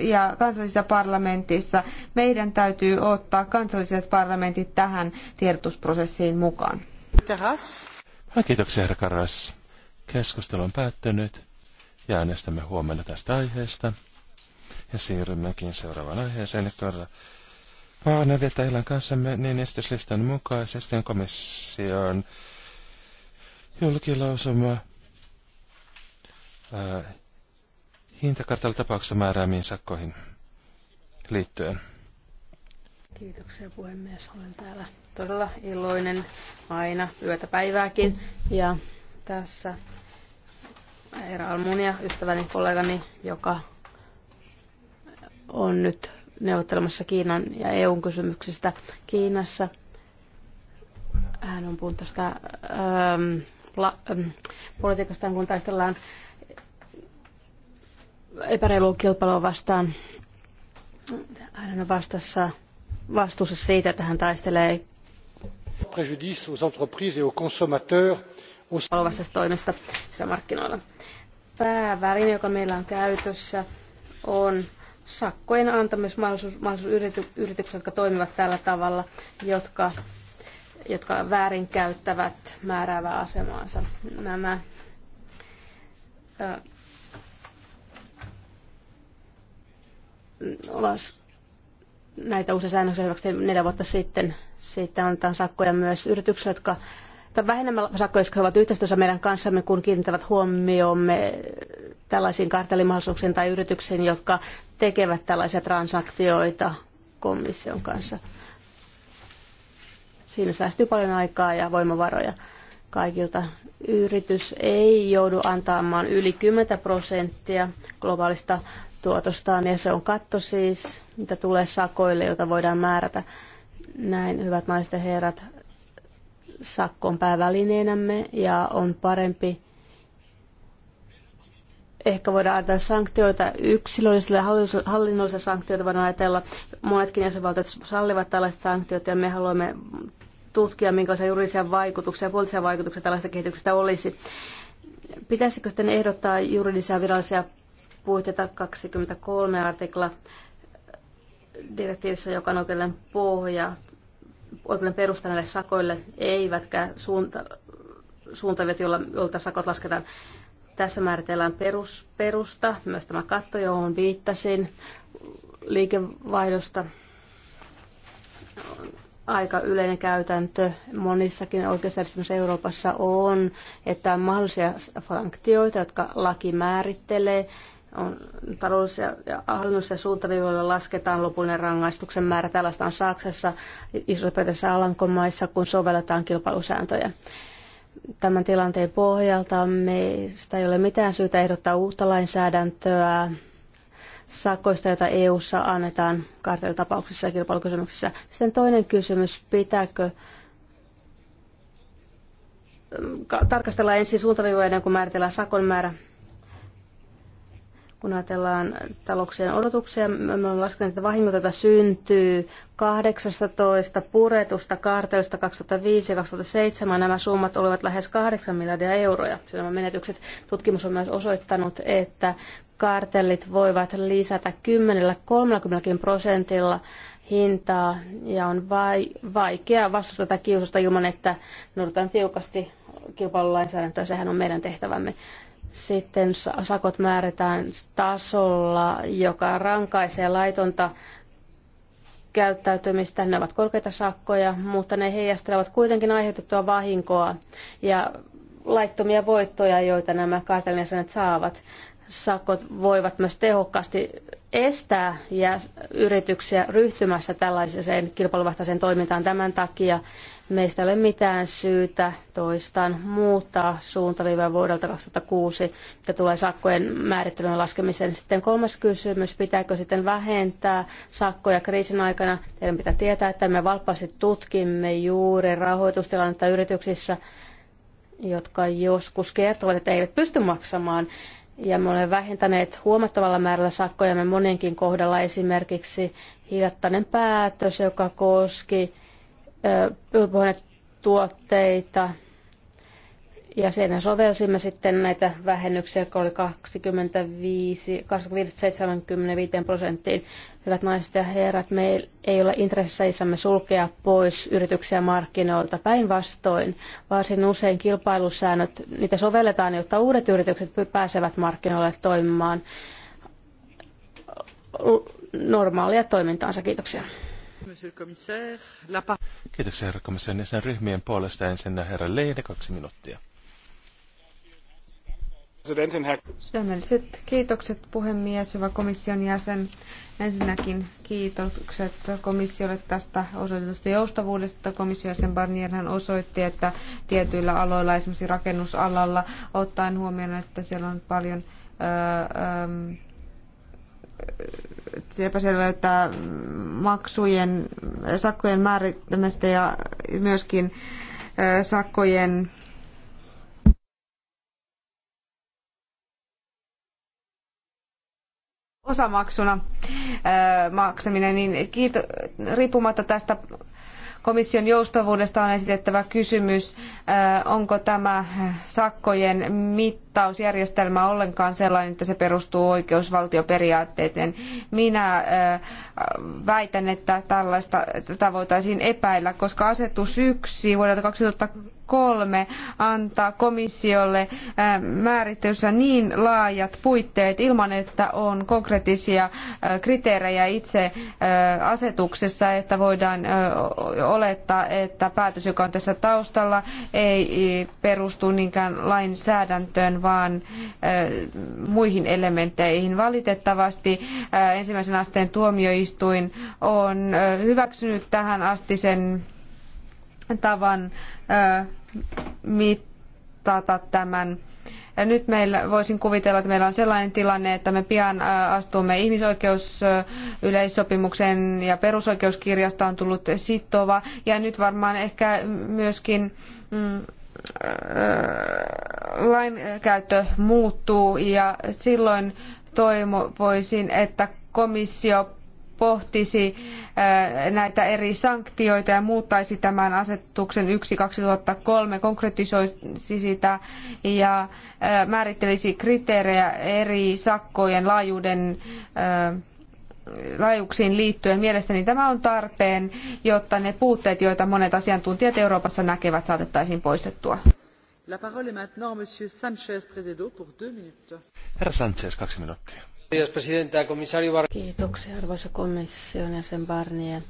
ja kansallisissa parlamentissa. Meidän täytyy ottaa kansalliset parlamentit tähän tiedotusprosessiin mukaan. Karas. Kiitoksia, herra Karas. Keskustelu on päättynyt ja äänestämme huomenna tästä aiheesta. Ja siirrymmekin seuraavaan aiheeseen, joka Paanelita Ilan kanssamme niin esityslistan mukaisesti on komission julkilausuma. Ää, hintakartalla tapauksessa määräämiin sakkoihin liittyen. Kiitoksia puhemies. Olen täällä todella iloinen aina yötä päivääkin. Ja tässä Eera Almunia, ystäväni, kollegani, joka on nyt neuvottelemassa Kiinan ja EUn kysymyksistä Kiinassa. Hän on puhunut tästä ähm, la, ähm, politiikastaan, kun taistellaan epäreilua kilpailua vastaan. Hän on vastassa, vastuussa siitä, että hän taistelee préjudice aux entreprises et aux consommateurs aux... toimesta sisämarkkinoilla. Pääväline, joka meillä on käytössä, on sakkojen antamismahdollisuus mahdollisuus yrity, yrityksille, jotka toimivat tällä tavalla, jotka, jotka väärinkäyttävät määräävää asemaansa. Nämä olas näitä uusia säännöksiä hyväksyttiin neljä vuotta sitten. Siitä antaa sakkoja myös yrityksille, jotka tai vähemmän sakkoja, jotka ovat yhteistyössä meidän kanssamme, kun kiinnittävät huomioomme tällaisiin kartellimahdollisuuksiin tai yrityksiin, jotka tekevät tällaisia transaktioita komission kanssa. Siinä säästyy paljon aikaa ja voimavaroja kaikilta. Yritys ei joudu antamaan yli 10 prosenttia globaalista tuotostaan ja se on katto siis, mitä tulee sakoille, jota voidaan määrätä. Näin, hyvät naiset ja herrat, sakko on päävälineenämme ja on parempi ehkä voidaan ajatella sanktioita yksilöllisille ja hallinnollisille sanktioita voidaan ajatella. Monetkin jäsenvaltiot sallivat tällaiset sanktiot ja me haluamme tutkia, minkälaisia juridisia vaikutuksia ja poliittisia vaikutuksia tällaista kehityksestä olisi. Pitäisikö sitten ehdottaa juridisia virallisia puitteita 23 artikla direktiivissä, joka on oikeuden pohja, oikeuden perusta näille sakoille, eivätkä suunta, suuntavet, joilla, joilta sakot lasketaan. Tässä määritellään perus, perusta, myös tämä katto, johon viittasin, liikevaihdosta aika yleinen käytäntö monissakin oikeusjärjestelmissä Euroopassa on, että on mahdollisia sanktioita, jotka laki määrittelee, on talous- ja hallinnossa suuntaviivoilla lasketaan lopullinen rangaistuksen määrä. Tällaista on Saksassa, iso ja Alankomaissa, kun sovelletaan kilpailusääntöjä. Tämän tilanteen pohjalta meistä ei ole mitään syytä ehdottaa uutta lainsäädäntöä sakoista, joita EU-ssa annetaan kartelitapauksissa ja kilpailukysymyksissä. Sitten toinen kysymys, pitääkö mm, tarkastella ensin suuntaviivoja ennen kuin määritellään sakon määrä kun ajatellaan talouksien odotuksia, me olemme laskeneet, että vahingot, joita syntyy 18 puretusta kartelista 2005 ja 2007, nämä summat olivat lähes 8 miljardia Sillä siis Nämä menetykset tutkimus on myös osoittanut, että kartellit voivat lisätä 10-30 prosentilla hintaa ja on vai, vaikea tätä kiusasta ilman, että noudatetaan tiukasti kilpailulainsäädäntöä. Sehän on meidän tehtävämme. Sitten sakot määrätään tasolla, joka rankaisee laitonta käyttäytymistä. Ne ovat korkeita sakkoja, mutta ne heijastelevat kuitenkin aiheutettua vahinkoa ja laittomia voittoja, joita nämä kartelin saavat sakot voivat myös tehokkaasti estää ja yrityksiä ryhtymässä tällaiseen kilpailuvastaiseen toimintaan. Tämän takia Meistä ei ole mitään syytä toistaan muuttaa suuntaviivaa vuodelta 2006, mitä tulee sakkojen määrittelyn laskemiseen. Sitten kolmas kysymys, pitääkö sitten vähentää sakkoja kriisin aikana? Teidän pitää tietää, että me valppaasti tutkimme juuri rahoitustilannetta yrityksissä, jotka joskus kertovat, että eivät pysty maksamaan ja me olemme vähentäneet huomattavalla määrällä me monenkin kohdalla, esimerkiksi hiljattainen päätös, joka koski tuotteita ja siinä sovelsimme sitten näitä vähennyksiä, jotka oli 25, 75 prosenttiin. Hyvät naiset ja herrat, meillä ei ole intresseissämme sulkea pois yrityksiä markkinoilta. Päinvastoin, varsin usein kilpailusäännöt, niitä sovelletaan, jotta uudet yritykset pääsevät markkinoille toimimaan normaalia toimintaansa. Kiitoksia. Kiitoksia herra komissaari. Sen ryhmien puolesta ensin herra Leine, kaksi minuuttia. Sydämelliset kiitokset puhemies, hyvä komission jäsen. Ensinnäkin kiitokset komissiolle tästä osoitetusta joustavuudesta. Komission jäsen Barnierhan osoitti, että tietyillä aloilla, esimerkiksi rakennusalalla, ottaen huomioon, että siellä on paljon että maksujen, sakkojen määrittämistä ja myöskin sakkojen osamaksuna maksaminen, niin kiito, riippumatta tästä Komission joustavuudesta on esitettävä kysymys, äh, onko tämä sakkojen mittausjärjestelmä ollenkaan sellainen, että se perustuu oikeusvaltioperiaatteeseen. Minä äh, väitän, että tällaista, tätä voitaisiin epäillä, koska asetus 1 vuodelta 2010 kolme antaa komissiolle äh, määrittelyssä niin laajat puitteet ilman, että on konkreettisia äh, kriteerejä itse äh, asetuksessa, että voidaan olettaa, että päätös, joka on tässä taustalla, ei perustu niinkään lainsäädäntöön, vaan muihin elementteihin. Valitettavasti ensimmäisen asteen tuomioistuin on hyväksynyt tähän asti sen tavan mittata tämän. Ja nyt meillä, voisin kuvitella, että meillä on sellainen tilanne, että me pian astumme ihmisoikeusyleissopimuksen ja perusoikeuskirjasta on tullut sitova. Ja nyt varmaan ehkä myöskin mm, lainkäyttö muuttuu ja silloin toivoisin, että komissio pohtisi näitä eri sanktioita ja muuttaisi tämän asetuksen 1 2003, konkretisoisi sitä ja määrittelisi kriteerejä eri sakkojen laajuuden laajuuksiin liittyen. Mielestäni tämä on tarpeen, jotta ne puutteet, joita monet asiantuntijat Euroopassa näkevät, saatettaisiin poistettua. La parole est maintenant Sanchez pour deux minutes. Herra Sanchez, kaksi minuuttia. Kiitoksia arvoisa komission jäsen Barnier.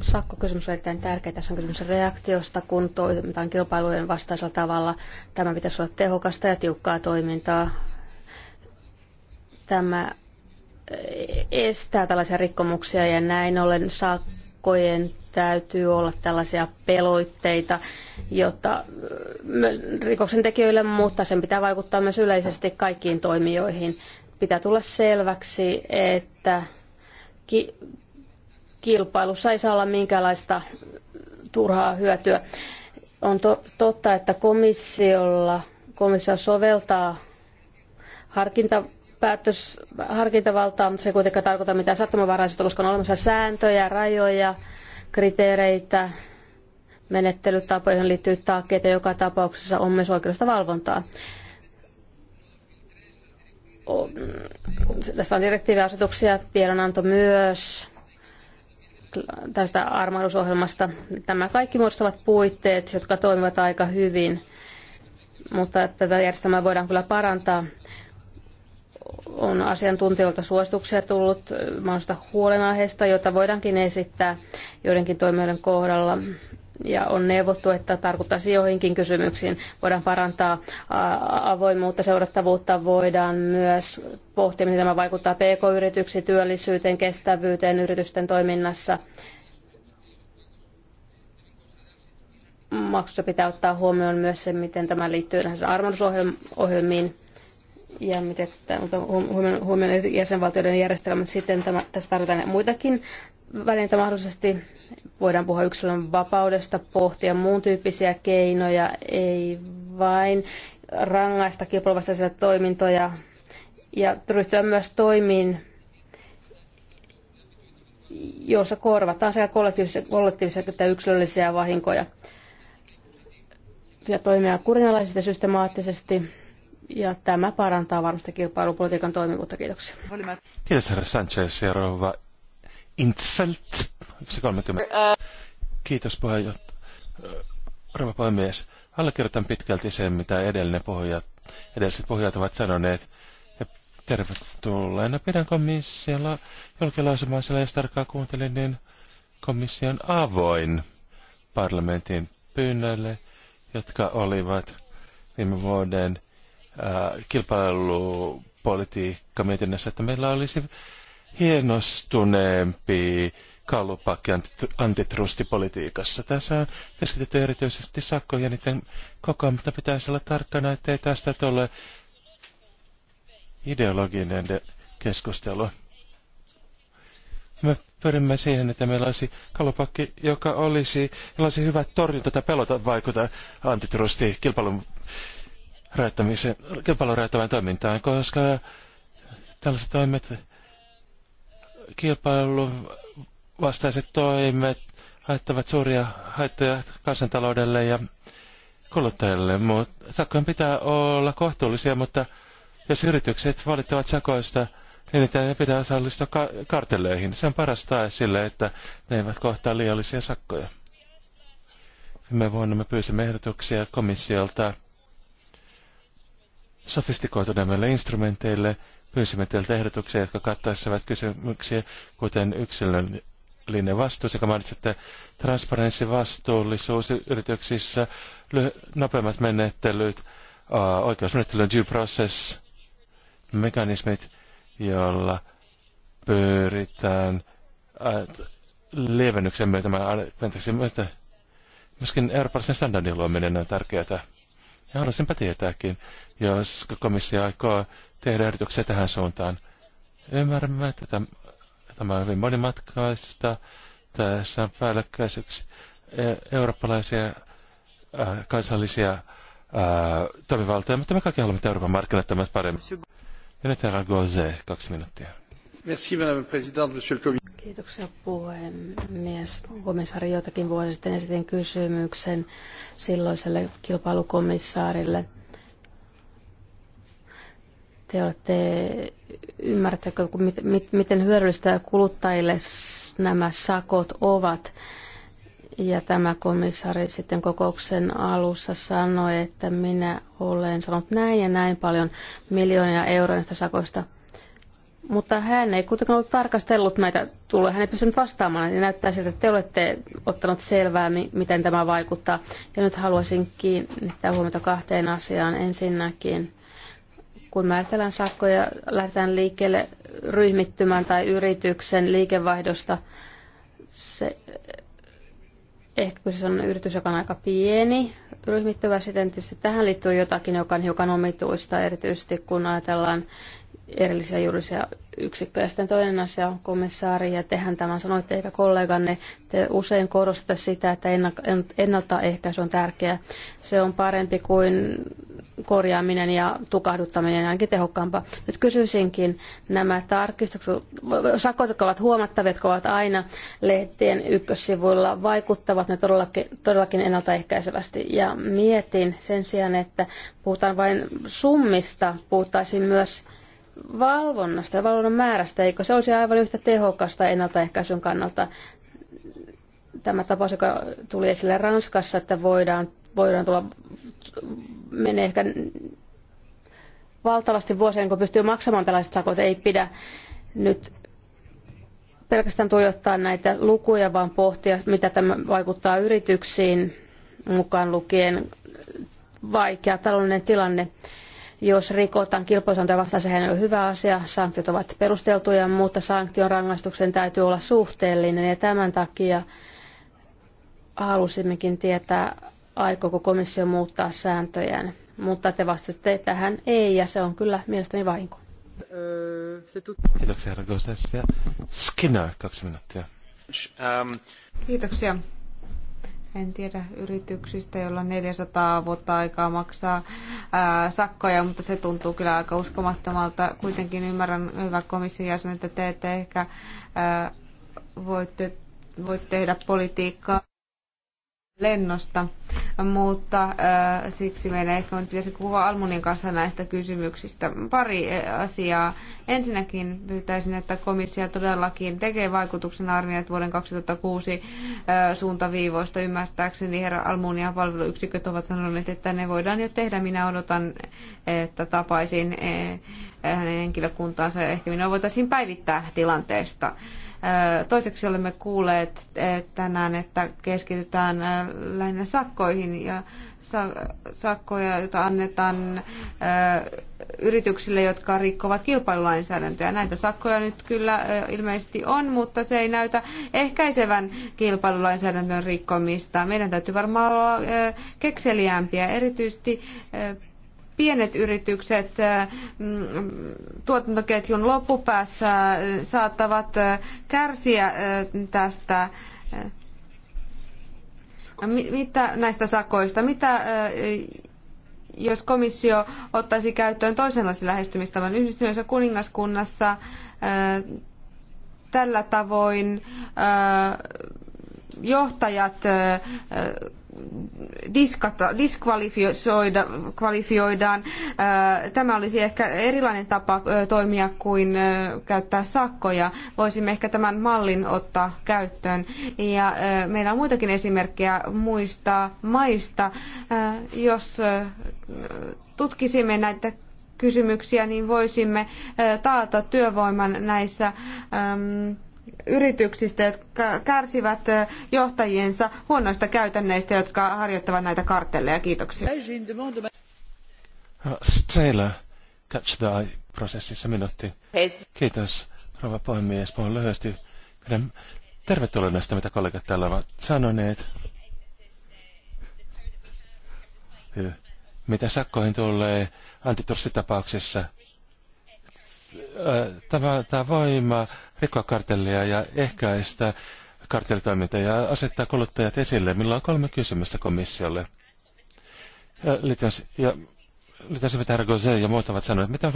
Sakkokysymys on erittäin tärkeä. Tässä on kysymys reaktiosta, kun toimitaan kilpailujen vastaisella tavalla. Tämä pitäisi olla tehokasta ja tiukkaa toimintaa. Tämä estää tällaisia rikkomuksia ja näin ollen sakkojen täytyy olla tällaisia peloitteita, jotta rikoksen tekijöille, mutta sen pitää vaikuttaa myös yleisesti kaikkiin toimijoihin. Pitää tulla selväksi, että ki- kilpailussa ei saa olla minkäänlaista turhaa hyötyä. On to- totta, että komissiolla, komissio soveltaa harkinta, päätös, harkintavaltaa, mutta se ei kuitenkaan tarkoita mitään sattumanvaraisuutta, koska on olemassa sääntöjä, rajoja, kriteereitä, menettelytapoihin liittyy taakkeita. Joka tapauksessa on myös oikeudesta valvontaa. Mm, tässä on direktiiviasetuksia, tiedonanto myös tästä armahdusohjelmasta. Tämä kaikki muodostavat puitteet, jotka toimivat aika hyvin, mutta tätä järjestelmää voidaan kyllä parantaa. On asiantuntijoilta suosituksia tullut eh, mahdollisista huolenaiheista, joita voidaankin esittää joidenkin toimijoiden kohdalla ja on neuvottu, että tarkoittaisi joihinkin kysymyksiin. Voidaan parantaa avoimuutta, seurattavuutta, voidaan myös pohtia, miten tämä vaikuttaa pk-yrityksiin, työllisyyteen, kestävyyteen yritysten toiminnassa. Maksussa pitää ottaa huomioon myös se, miten tämä liittyy näihin armonusohjelmiin ja miten huomioon jäsenvaltioiden järjestelmät sitten tämä, tässä tarvitaan muitakin Välineitä mahdollisesti voidaan puhua yksilön vapaudesta, pohtia muun tyyppisiä keinoja, ei vain rangaista kilpailuvastaisia toimintoja ja ryhtyä myös toimiin, joissa korvataan sekä kollektiivisia, kollektiivisia että yksilöllisiä vahinkoja ja toimia kurinalaisesti systemaattisesti. Ja tämä parantaa varmasti kilpailupolitiikan toimivuutta. Kiitoksia. Kiitos herra Sanchez Seuraava Intfeldt, Kiitos puheenjohtaja. Rouva puhemies, allekirjoitan pitkälti sen, mitä edellinen pohjat, edelliset pohjat ovat sanoneet. Ja tervetulleena no, pidän komissiolla julkilausemaisella, jos tarkkaan kuuntelin, niin komission avoin parlamentin pyynnöille, jotka olivat viime vuoden kilpailupolitiikka mietinnässä, että meillä olisi hienostuneempi kallupakki antitrustipolitiikassa. Tässä on keskitytty erityisesti sakkoja niiden kokoon, mutta pitäisi olla tarkkana, ettei tästä tule ideologinen keskustelu. Me pyrimme siihen, että meillä olisi kalupakki, joka olisi, olisi hyvä torjunta tai pelota vaikuta antitrusti kilpailun rajoittamiseen, kilpailun toimintaan, koska tällaiset toimet kilpailun vastaiset toimet haittavat suuria haittoja kansantaloudelle ja kuluttajille. Mut, sakkojen pitää olla kohtuullisia, mutta jos yritykset valittavat sakoista, niin niitä ei pitää osallistua ka- kartelleihin. Se on paras tae sille, että ne eivät kohtaa liiallisia sakkoja. Viime vuonna me pyysimme ehdotuksia komissiolta sofistikoituneemmille instrumenteille – Pyysimme teiltä ehdotuksia, jotka kattaisivat kysymyksiä, kuten yksilöllinen vastuu, sekä mainitsitte transparenssi, vastuullisuus yrityksissä, nopeammat menettelyt, oikeusmenettelyn due process, mekanismit, joilla pyritään lievennyksen myötä. myöskin Euroopan standardin luominen on tärkeää ja haluaisinpä tietääkin, jos komissio aikoo tehdä erityksiä tähän suuntaan. Ymmärrämme, että tämä on hyvin monimatkaista. Tässä on päällekkäisyyksiä e- eurooppalaisia äh, kansallisia äh, toimivaltoja, mutta me kaikki haluamme Euroopan markkinat paremmin. Ja nyt herra Gose, kaksi minuuttia. Madame la Présidente, Monsieur le Commissaire. Kiitoksia puhemies. Komissaari jotakin vuosi sitten esitin kysymyksen silloiselle kilpailukomissaarille. Te olette, ymmärrättekö, miten hyödyllistä kuluttajille nämä sakot ovat? Ja tämä komissaari sitten kokouksen alussa sanoi, että minä olen sanonut näin ja näin paljon miljoonia euroista näistä sakoista mutta hän ei kuitenkaan ollut tarkastellut näitä tuloja, hän ei pystynyt vastaamaan, ja näyttää siltä, että te olette ottanut selvää, miten tämä vaikuttaa. Ja nyt haluaisin kiinnittää huomiota kahteen asiaan. Ensinnäkin, kun määritellään sakkoja, lähdetään liikkeelle ryhmittymään tai yrityksen liikevaihdosta, se, ehkä kun se on yritys, joka on aika pieni, ryhmittyvä sitten tähän liittyy jotakin, joka on hiukan omituista, erityisesti kun ajatellaan erillisiä juridisia yksikköjä. Sitten toinen asia on komissaari, ja tehän tämän sanoitte eikä kolleganne. Te usein korostatte sitä, että ennaltaehkäisy on tärkeää. Se on parempi kuin korjaaminen ja tukahduttaminen ainakin tehokkaampaa. Nyt kysyisinkin nämä tarkistukset, sakot, jotka ovat huomattavia, jotka ovat aina lehtien ykkössivuilla, vaikuttavat ne todellakin, todellakin ennaltaehkäisevästi. Ja mietin sen sijaan, että puhutaan vain summista, puhuttaisiin myös valvonnasta ja valvonnan määrästä, eikö se olisi aivan yhtä tehokasta ennaltaehkäisyn kannalta? Tämä tapaus, joka tuli esille Ranskassa, että voidaan, voidaan tulla, menee ehkä valtavasti vuosien, kun pystyy maksamaan tällaiset sakot, ei pidä nyt pelkästään tuijottaa näitä lukuja, vaan pohtia, mitä tämä vaikuttaa yrityksiin, mukaan lukien vaikea taloudellinen tilanne. Jos rikotaan kilpailusääntöjä vastaan, sehän ei ole hyvä asia. Sanktiot ovat perusteltuja, mutta sanktion rangaistuksen täytyy olla suhteellinen. Ja tämän takia halusimmekin tietää, aikooko komissio muuttaa sääntöjään. Mutta te vastasitte, että tähän ei, ja se on kyllä mielestäni vahinko. Kiitoksia, herra Skinner, kaksi minuuttia. Um, Kiitoksia. En tiedä yrityksistä, joilla on 400 vuotta aikaa maksaa ää, sakkoja, mutta se tuntuu kyllä aika uskomattomalta. Kuitenkin ymmärrän, hyvä komission jäsen, että te ette ehkä ää, voitte, voitte tehdä politiikkaa lennosta, mutta äh, siksi meidän ehkä nyt pitäisi puhua Almunin kanssa näistä kysymyksistä. Pari äh, asiaa. Ensinnäkin pyytäisin, että komissio todellakin tekee vaikutuksen arvioit vuoden 2006 äh, suuntaviivoista. Ymmärtääkseni herra Almunia palveluyksiköt ovat sanoneet, että ne voidaan jo tehdä. Minä odotan, että tapaisin äh, hänen henkilökuntaansa ja ehkä minä voitaisiin päivittää tilanteesta. Äh, Toiseksi olemme kuulleet eh, tänään, että keskitytään eh, lähinnä sakkoihin ja sakkoja, joita annetaan eh, yrityksille, jotka rikkovat kilpailulainsäädäntöä. Näitä sakkoja nyt kyllä ilmeisesti on, mutta se ei näytä ehkäisevän kilpailulainsäädännön rikkomista. Meidän täytyy varmaan olla kekseliämpiä, erityisesti pienet yritykset äh, mm, tuotantoketjun loppupäässä äh, saattavat äh, kärsiä tästä mitä näistä sakoista, mitä jos komissio ottaisi käyttöön toisenlaisen lähestymistavan yhdistyneessä kuningaskunnassa tällä tavoin johtajat diskata, diskvalifioidaan. Äh, tämä olisi ehkä erilainen tapa äh, toimia kuin äh, käyttää sakkoja. Voisimme ehkä tämän mallin ottaa käyttöön. Ja meillä on muitakin esimerkkejä muista maista. Jos tutkisimme näitä kysymyksiä, niin voisimme taata työvoiman näissä yrityksistä, jotka kärsivät johtajiensa huonoista käytänneistä, jotka harjoittavat näitä kartelleja. Kiitoksia. Äh, Steillä, prosessissa minuutti. Kiitos, rouva puhemies. Puhun lyhyesti. tervetuloa näistä, mitä kollegat täällä ovat sanoneet. Mitä sakkoihin tulee antitorssitapauksessa, tämä, tämä voima rikkoa kartellia ja ehkäistä kartellitoimintaa ja asettaa kuluttajat esille. Millä on kolme kysymystä komissiolle? Ja, liittyen, ja Gose ja muut ovat sanoneet, mitä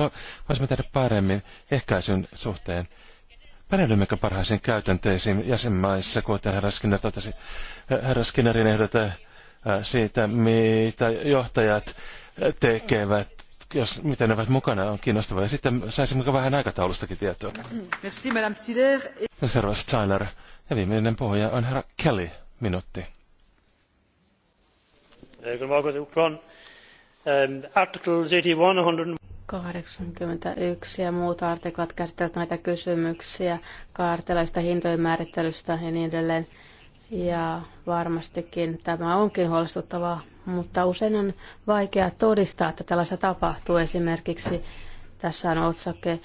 voisimme tehdä paremmin ehkäisyn suhteen? Perehdymmekö parhaisiin käytänteisiin jäsenmaissa, kuten herra Skinner totesi, herra Skinnerin ehdota siitä, mitä johtajat tekevät jos, miten ne ovat mukana, on kiinnostavaa. Ja sitten saisimmeko vähän aikataulustakin tietoa. Merci, Madame Stiller. Ja seuraava Steiner. Ja viimeinen puhuja on herra Kelly, minuutti. Articles 81, 81 ja muut artiklat käsittelevät näitä kysymyksiä kaartelaista hintojen määrittelystä ja niin edelleen. Ja varmastikin tämä onkin huolestuttavaa, mutta usein on vaikea todistaa, että tällaista tapahtuu. Esimerkiksi tässä on otsake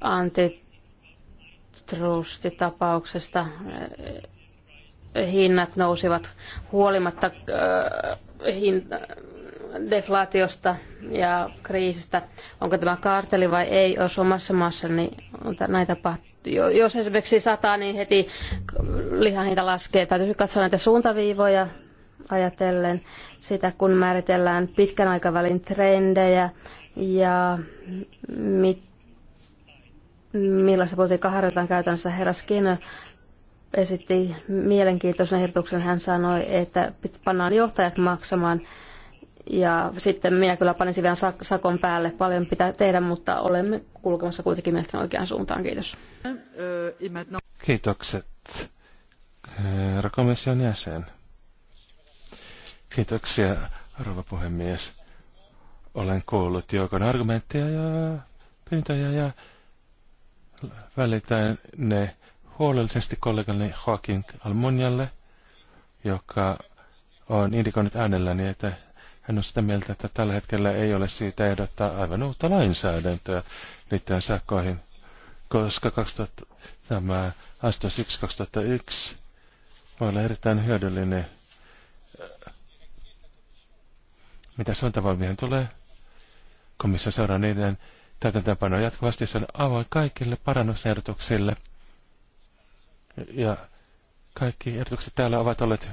antitrustitapauksesta. Hinnat nousivat huolimatta deflaatiosta ja kriisistä. Onko tämä karteli vai ei, jos omassa maassa niin näin tapahtuu jos esimerkiksi sataa, niin heti lihan hinta laskee. Täytyy katsoa näitä suuntaviivoja ajatellen sitä, kun määritellään pitkän aikavälin trendejä ja mit, millaista politiikkaa harjoitetaan käytännössä. Herra Skinner esitti mielenkiintoisen ehdotuksen. Hän sanoi, että pannaan johtajat maksamaan ja sitten minä kyllä panisin vielä sakon päälle. Paljon pitää tehdä, mutta olemme kulkemassa kuitenkin mielestäni oikeaan suuntaan. Kiitos. Kiitokset, herra komission jäsen. Kiitoksia, rouva puhemies. Olen kuullut joukon argumentteja ja pyyntöjä ja välitän ne huolellisesti kollegani Joaquin Almunjalle, joka on indikoinut äänelläni, että hän on sitä mieltä, että tällä hetkellä ei ole syytä ehdottaa aivan uutta lainsäädäntöä liittyen sakkoihin, koska 2000, tämä Astos 1 2001 voi olla erittäin hyödyllinen. Mitä suuntavoimien tulee? Komissio seuraa niiden täytäntöönpanoa jatkuvasti. Se on avoin kaikille parannusehdotuksille. Ja kaikki ehdotukset täällä ovat olleet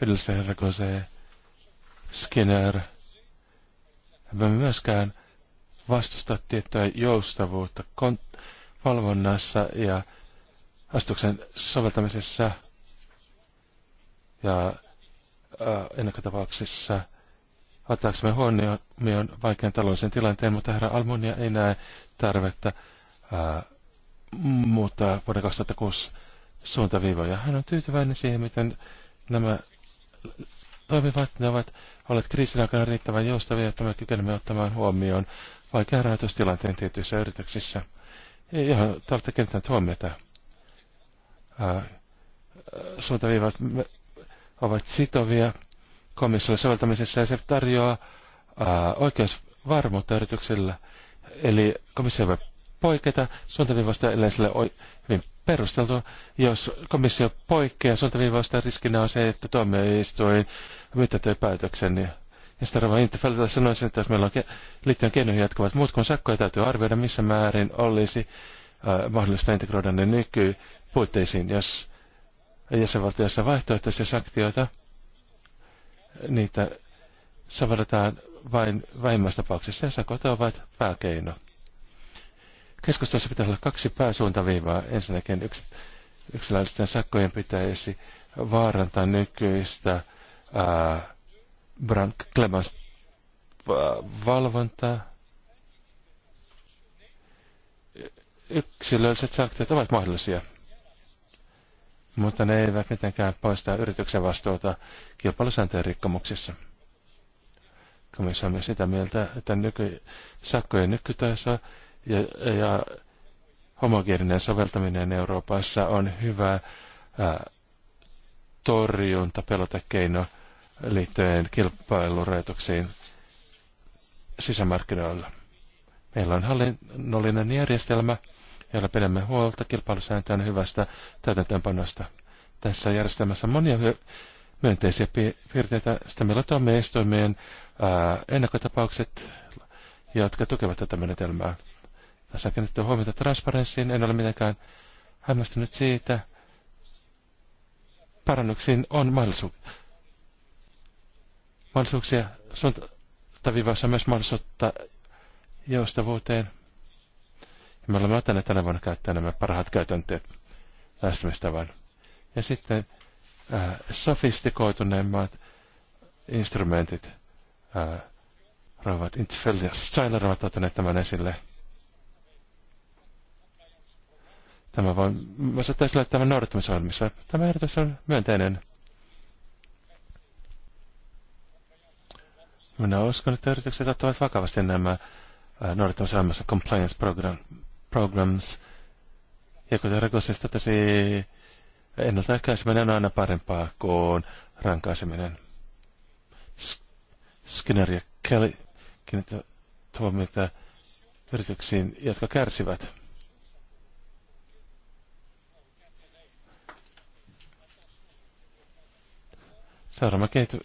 hyödyllisiä herra Skinner. Emme myöskään vastusta tiettyä joustavuutta valvonnassa ja astuksen soveltamisessa ja äh, ennakkotapauksissa ottaaksemme huomioon vaikean taloudellisen tilanteen, mutta herra Almunia ei näe tarvetta ää, äh, muuttaa vuoden 2006 suuntaviivoja. Hän on tyytyväinen siihen, miten nämä toimivat. Ne ovat Olet kriisin aikana riittävän joustavia, jotta me kykenemme ottamaan huomioon vaikean rahoitustilanteen tietyissä yrityksissä. Ei ihan tältä kentän huomiota. Suuntaviivat ovat sitovia komission soveltamisessa ja se tarjoaa ää, oikeusvarmuutta yrityksillä. Eli komissio voi poiketa suuntaviivasta, ellei sille hyvin perusteltu. Jos komissio poikkeaa suuntaviivasta, riskinä on se, että tuomioistuin mietintöpäätöksen. Ja, niin- ja sitten Rava Interfellilta sanoisin, että jos meillä on ke- liittyen keinoihin, jatkuvat muut kuin sakkoja, täytyy arvioida, missä määrin olisi ää, äh, mahdollista integroida ne nykypuitteisiin, jos jäsenvaltioissa vaihtoehtoisia sanktioita, niitä sovelletaan vain vähimmässä tapauksessa ja sakot ovat pääkeino. Keskustelussa pitää olla kaksi pääsuuntaviivaa. Ensinnäkin yks, yksilöllisten sakkojen pitäisi vaarantaa nykyistä Brank Clemens valvonta. Yksilölliset sanktiot ovat mahdollisia, mutta ne eivät mitenkään poista yrityksen vastuuta kilpailusääntöjen rikkomuksissa. Komissio on myös sitä mieltä, että nyky, sakkojen nykytaso ja, ja homogeeninen soveltaminen Euroopassa on hyvä ää, torjunta, pelotekeino – liittyen kilpailureitoksiin sisämarkkinoilla. Meillä on hallinnollinen järjestelmä, jolla pidämme huolta kilpailusääntöön hyvästä täytäntöönpanosta. Tässä järjestelmässä on monia myönteisiä piirteitä. Sitten meillä on tuomioistuimien ennakkotapaukset, jotka tukevat tätä menetelmää. Tässä on kiinnitetty huomiota transparenssiin. En ole mitenkään hämmästynyt siitä. Parannuksiin on mahdollisuus, mahdollisuuksia suuntaviivassa on myös mahdollisuutta joustavuuteen. Ja me olemme ottaneet tänä vuonna käyttää nämä parhaat käytänteet lähestymistavan. Ja sitten äh, sofistikoituneemmat instrumentit. Äh, rouvat Intfeld ja Steiner ovat ottaneet tämän esille. Tämä voi, mä saattaisin laittaa tämän noudattamisohjelmissa. Tämä ehdotus on myönteinen. Minä uskon, että yritykset ottavat vakavasti nämä noudattamassa olemassa compliance program, programs. Ja kuten Ragosessa totesi, ennaltaehkäiseminen on aina parempaa kuin rankaiseminen. Skinner ja Kelly kiinnittävät huomiota yrityksiin, jotka kärsivät. Seuraava kehitys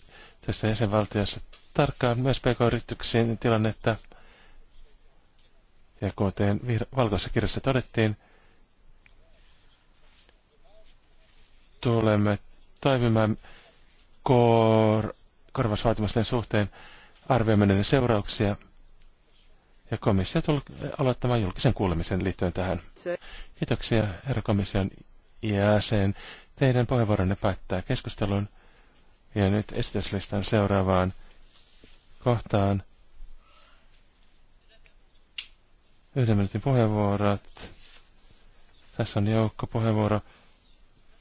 tässä jäsenvaltiossa tarkkaan myös pk-yrityksien tilannetta. Ja kuten valkoisessa kirjassa todettiin, tulemme toimimaan kor- korvausvaatimusten suhteen arvioiminen seurauksia. Ja komissio tulee aloittamaan julkisen kuulemisen liittyen tähän. Kiitoksia, herra komission jäsen. Teidän puheenvuoronne päättää keskustelun. Ja nyt esityslistan seuraavaan kohtaan. Yhden minuutin puheenvuorot. Tässä on joukko puheenvuoro.